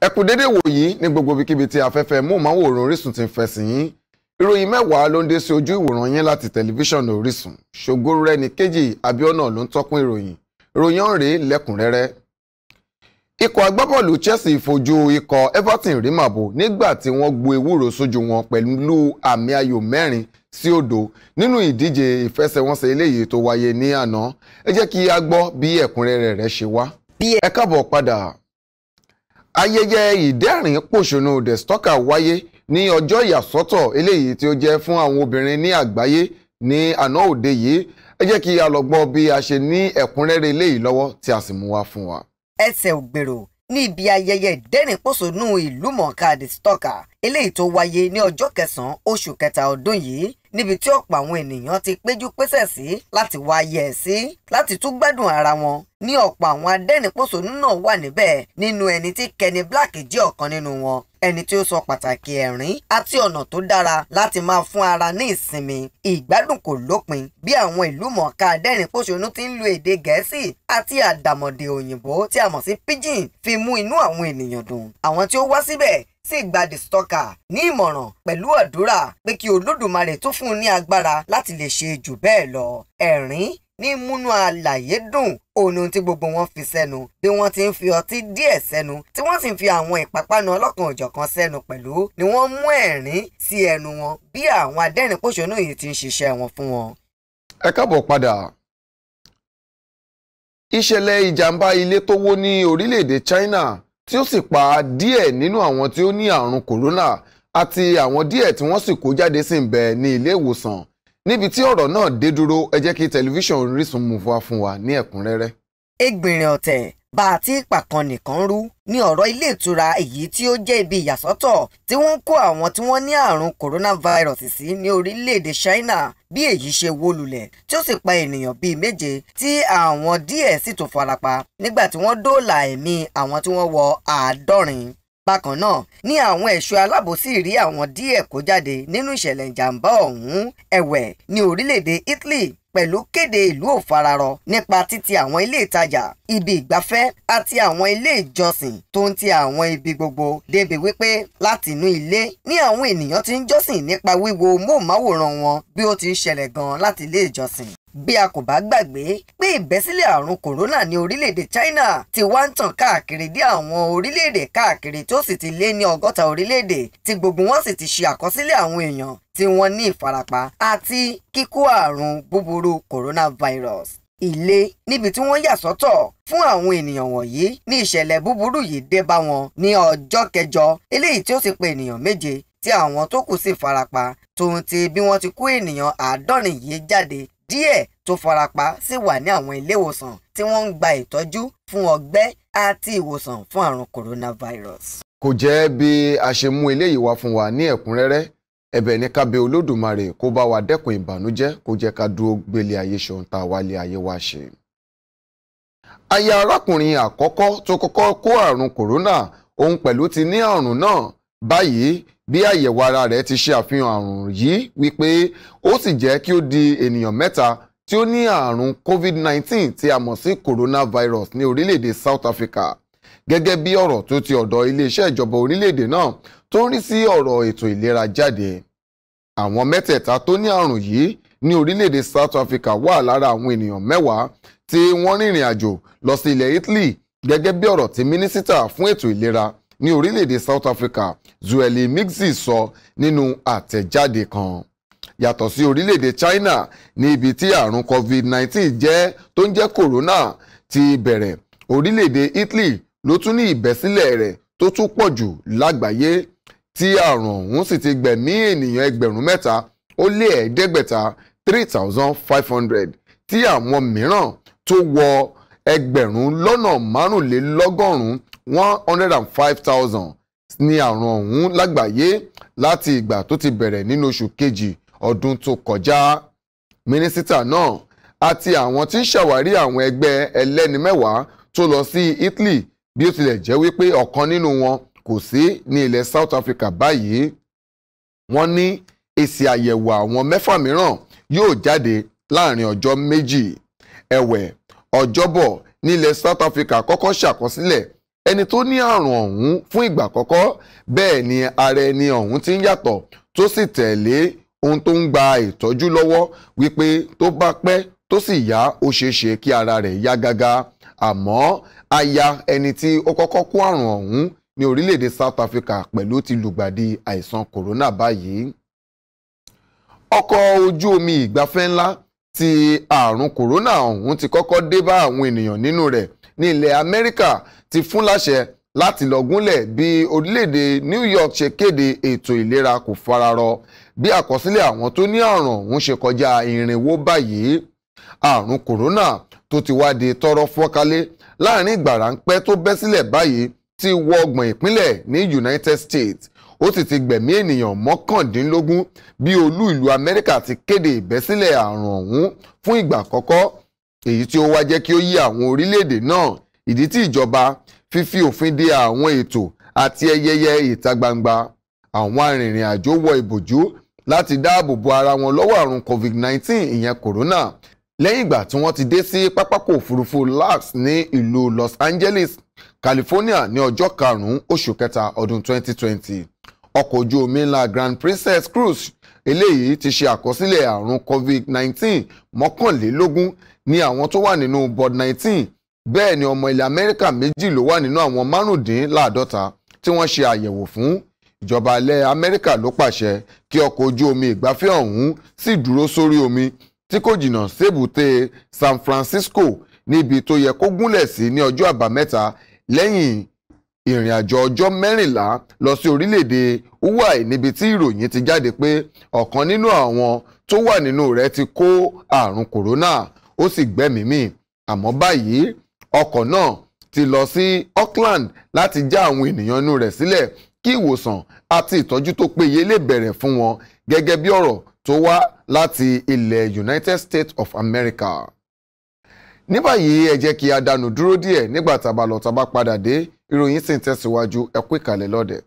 ẹ kú dédé wòyí ní gbogbo ibikíbi tí afẹ́fẹ́ móhùnmáwòrán Orísun ti ń fẹsìn yín ìròyìn mẹ́wàá ló ń dé sí ojú ìwòran yín láti tẹlifíṣàn Orísun ṣògo rẹni kejì Abíọ́nà ló ń tọ́kún ìròyìn ìròyìn ọ̀rẹ́ lẹ́kùnrẹ́rẹ́. ikọ̀ agbábọ́ọ̀lù Chelsea fojú ikọ̀ Everton rí màbò nígbà tí wọ́n gbo ewúro sójú wọn pẹ̀lú àmì ayò mẹ́rin sí òdo nínú ìdíje ìfẹsẹ̀wọnsẹ̀ eléyìí tó wáyé ní àná ẹ jẹ́ kí a gbọ́ bí ẹ̀kúnrẹ́rẹ́ rẹ̀ ṣe wá. ẹ káàbọ̀ padà ayẹyẹ ìdẹ́rìn pòṣónú dẹ̀stọ́kà wáyé ní ọjọ́ ìyàsọ́tọ̀ eléyìí tí ó jẹ́ fún àwọn obìnrin ní àgbáyé ní àná òde yìí ẹ jẹ́ kí a lọ gbọ́ bí a ṣe ní ẹ̀kúnrẹ́rẹ́ eléyìí lọ́wọ́ tí a sì mú wá fún wa. ẹsẹ̀ ògbèrò ní ibi ayẹyẹ ìdẹ́rìn pòṣónú ìlú mọ̀ọ́ká dẹ̀stọ́kà eléyìí tó wáyé ní ọjọ́ kẹsàn-án oṣù kẹta ọdún yìí níbi tí ọ̀pọ̀ àwọn ènìyàn ti péjú pésẹ̀ sí láti wá yẹ̀ sí láti tún gbádùn ara wọn ní ọ̀pọ̀ àwọn adẹ́rìnpòṣónú náà wà níbẹ̀ nínú ẹni tí Kenny Black jẹ́ ọ̀kan nínú wọn ẹni tí ó sọ pàtàkì ẹ̀rín àti ọ̀nà tó dára láti máa fún ara ní ìsinmi ìgbádùn kò lópin bí àwọn ìlú mọ̀ọ́ká adẹ́rìnpòṣónú ti ń lo èdè gẹ̀ẹ́sì àti àdàmọ̀dè òyìnbó tí a mọ̀ sí pidgin fi mú inú àwọn ènìyàn dùn àwọn tí ó wá síbẹ̀ sì gba the stalker ní ìmọ̀ràn pẹ̀lú àdúrà pé kí olódùmarè tó fún un ní agbára láti lè ṣe jù bẹ́ẹ̀ lọ ẹ̀rín ní múnú àlàyé dùn òun ohun tí gbogbo wọn fi sẹ́nu bí wọ́n ti ń fi ọtí díẹ̀ sẹ́nu tí wọ́n sì ń fi àwọn ìpápánu ọlọ́kan òjọ̀kan sẹ́nu pẹ̀lú ni wọ́n mú ẹ̀rín sí ẹnu wọn bí àwọn adẹ́rìnpòṣónú yìí ti ń ṣiṣẹ́ wọn fún wọn. ẹ káàbọ̀ padà ìṣẹ̀lẹ̀ ìjàmbá ilé tó wó ní orílẹ̀-èdè China tí ó sì pa díẹ̀ nínú àwọn tí ó ní àrùn kòrónà àti àwọn díẹ̀ tí wọ́n sì kó jáde sí ń bẹ ní ilé ìwòsàn níbi tí ọ̀rọ̀ náà dé dúró ẹ jẹ́ kí tẹlifíṣàn Orísun mú fún wa ní ẹ̀kúnrẹ́rẹ́. ẹgbìnrin ọ̀tẹ̀ bá a ti pàkan nìkan rú ní ọ̀rọ̀ ilé ìtura èyí tí ó jẹ́ ibi ìyàsọ́tọ̀ tí wọ́n ń kó àwọn tí wọ́n ní àrùn coronavirus sí ní orílẹ̀-èdè China bí èyí ṣe wó lulẹ̀ tí ó sì pa ènìyàn bíi méje tí àwọn díẹ̀ sì tó farapa nígbà tí wọ́n dóòlà ẹ̀mí àwọn tí wọ́n wọ àádọ́rin bákan náà ni àwọn ẹ̀ṣọ́ aláàbò sì rí àwọn díẹ̀ kó jáde nínú ìṣẹ̀lẹ̀ ìjàmbá ọ̀hún ẹ̀wẹ̀ ní orílẹ̀-èdè Italy pẹ̀lú kéde ìlú òfararọ nípa títì àwọn ilé ìtajà ibi ìgbafẹ́ àti àwọn ilé ìjọsìn tó ń ti àwọn ibi gbogbo débi wípé láti inú ilé ní àwọn ènìyàn ti ń jọ́sìn nípa wíwo móhùnmáwòrán wọn bí ó ti ń ṣẹlẹ̀ gan láti ilé ìjọsìn bí a kò bá gbàgbé pé ìbẹ́sílẹ̀ àrùn kòrónà ní orílẹ̀-èdè China ti wá ń tàn káàkiri dé àwọn orílẹ̀-èdè káàkiri tó sì ti lé ní ọgọ́ta orílẹ̀-èdè tí gbogbo wọn sì ti ṣe àkọsílẹ̀ àwọn èèyàn tí wọ́n ní ìfarapa àti kíkó àrùn búburú coronavirus ilé níbi tí wọ́n yà sọ́tọ̀ fún àwọn ènìyàn wọ̀nyí ní ìṣẹ̀lẹ̀ búburú yìí dé bá wọn ní ọjọ́ kẹjọ eléyìí tí ó sì pe ènìyàn méje tí àwọn tó kù sì farapa tòun ti bí wọ́n ti kó ènìyàn àádọ́rin yìí jáde díẹ̀ tó farapa sì wà ní àwọn ilé ìwòsàn tí wọ́n ń gba ìtọ́jú fún ọgbẹ́ àti ìwòsàn fún àrùn coronavirus. kò jẹ́ bí a ṣe mú eléyìí wá fún wa ní ẹ̀kúnrẹ́rẹ́ ẹ̀bẹ̀ ní ká bẹ olódùmarè kó bá wa dẹ́kun ìbànújẹ́ kó jẹ́ ká dúró gbélé ayé ṣeun tá a wálé ayé wa ṣe. aya arákùnrin àkọ́kọ́ tó kọ́kọ́ kó àrùn kòrónà òun pẹ̀lú ti ní àrùn náà báyìí bí àyẹ̀wò ara rẹ̀ ti ṣe àfihàn àrùn yìí wípé ó sì jẹ́ kí ó di ènìyàn mẹ́ta tí ó ní àrùn covid-19 tí a mọ̀ sí coronavirus ní orílẹ̀-èdè South Africa gẹ́gẹ́ bí ọ̀rọ̀ tó ti ọ̀dọ̀ iléeṣẹ́ ìjọba orílẹ̀-èdè náà tó ń rí sí ọ̀rọ̀ ètò ìlera jáde àwọn mẹ́tẹ̀ẹ̀ta tó ní àrùn yìí ní orílẹ̀-èdè South Africa wà lára àwọn ènìyàn mẹ́wàá tí wọ́n rìnrìn àjò lọ sí ilẹ̀ Italy gẹ́gẹ́ bí ọ̀rọ̀ tí mínísítà fún ètò ìlera ní orílẹ̀-èdè South Africa Zweli Mixi sọ nínú àtẹ̀jáde kan yàtọ̀ sí orílẹ̀-èdè China ní ibi tí àrùn COVID-19 jẹ́ tó ń jẹ́ corona ti bẹ̀rẹ̀ orílẹ̀-èdè Italy ló tún ní ìbẹ́sílẹ̀ rẹ̀ tó tún pọ̀ jù lágbàáyé tí àrùn ọ̀hún sì ti gbẹ̀mí ènìyàn ẹgbẹ̀rún mẹ́ta ó lé ẹ̀ẹ́dẹ́gbẹ̀ta three thousand five hundred tí àwọn mìíràn tó wọ ẹgbẹ̀rún lọ́nà márùnlélọ́gọ́rùn-ún one hundred and five thousand ní àrùn ọ̀hún lágbàáyé láti ìgbà tó ti bẹ̀rẹ̀ nínú oṣù kejì ọdún tó kọjá mínísítà náà àti àwọn tí ń ṣàwárí àwọn ẹgbẹ́ ẹlẹ́ni mẹ́wàá tó lọ sí Italy bí ó tilẹ̀ jẹ́ wípé ọ̀kan nínú wọn kò sí ní ilẹ̀ South Africa báyìí wọ́n ní èsì àyẹ̀wò àwọn mẹ́fà mìíràn yóò jáde láàrin ọjọ́ méjì ẹ̀wẹ̀ ọjọ́bọ̀ nílẹ̀ South Africa kọ́kọ́ ṣàkọsílẹ̀ ẹni tó ní àrùn ọ̀hún fún ìgbà àkọ́kọ́ bẹ́ẹ̀ ni ara ẹni ọ̀hún ti ń yàtọ̀ tó sì tẹ̀lé ohun tó ń gba ìtọ́jú lọ́wọ́ wípé tó bá pẹ́ tó sì yá ó ṣeé kí ara rẹ̀ yá gágá àmọ́ aya ẹni tí ó kọ́kọ́ kó àrùn ọ̀hún ní orílẹ̀-èdè South Africa pẹ̀lú ti lùgbàdì àìsàn kòrónà báyìí ọkọ̀ ojú omi ìgbafẹ́ ńlá tí àrùn kòrónà ọ̀hún ti kọ́kọ́ dé bá àwọn ènìyàn nínú rẹ̀ ní ilẹ̀ Amẹ́ríkà ti fún láṣẹ láti lọ gúnlẹ̀ bí orílẹ̀-èdè New York ṣe kéde ètò ìlera kò fararọ bí àkọsílẹ̀ àwọn tó ní àrùn ọ̀hún ṣe kọjá irinwó báyìí àrùn kòrónà tó ti wá di tọrọ fọ́kálé láàrin ìgbà ráńpẹ́ tó bẹ́ sílẹ̀ báyìí ti wọ ọgbọ̀n ìpínlẹ̀ ní United States ó sì ti gbẹ̀mí ènìyàn mọ́kàndínlógún bí olú ìlú Amẹ́ríkà ti kéde ìbẹ́sílẹ̀ àrùn ọ̀hún fún ìgbà àkọ́kọ́ èyí tí ó wá jẹ́ kí ó yí àwọn orílẹ̀-èdè náà ìdí tí ìjọba fífi òfin de àwọn ètò àti ẹyẹyẹ ìta gbangba àwọn arìnrìn àjò wọ ìbòjú láti dáàbò bo ara wọn lọ́wọ́ àrùn COVID-19 ìyẹn corona lẹ́yìn ìgbà tí wọ́n ti dé sí pápákọ̀ òfurufú lax ní ìlú Los Angeles California ní ọjọ́ karùn-ún oṣù kẹta ọdún 2020 ọkọ̀ ojú omi ńlá Grand Princess Cruise eléyìí ti ṣe àkọsílẹ̀ àrùn COVID-19 mọ́kànlélógún ní àwọn tó wà nínú board 19 bẹ́ẹ̀ ni ọmọ ilẹ̀ Amẹ́ríkà méjì ló wà nínú àwọn márùndínláàdọ́ta tí wọ́n ṣe àyẹ̀wò fún ìjọba ilẹ̀ Amẹ́ríkà ló pàṣẹ kí ọkọ̀ ojú omi ìgbafẹ́ ọ̀hún sì dúró sórí omi tí kò jìnnà sébùté San Francisco níbi tó yẹ kó gúnlẹ̀ sí ní ọjọ́ àbámẹ́ta lẹ́yìn ìrìn àjò ọjọ́ mẹ́rìnlá lọ sí orílẹ̀-èdè Hawaii níbi tí ìròyìn ti jáde pé ọ̀kan nínú àwọn tó wà nínú rẹ̀ ti kó àrùn kòrónà ó sì gbẹ́mìí mì àmọ́ báyìí ọkọ̀ náà ti lọ sí Auckland láti já àwọn ènìyàn inú rẹ̀ sílẹ̀ kí ìwòsàn àti ìtọ́jú tó péye lè bẹ̀rẹ̀ fún wọn gẹ́gẹ́ bí ọ̀rọ̀ tó wá láti ilẹ̀ United States of America. ní báyìí ẹ jẹ́ kí a dánu dúró díẹ̀ nígbà tá a padà dé ìròyìn sì ń tẹ̀síwájú ẹ ìkàlẹ̀ lọ́dẹ̀ẹ́.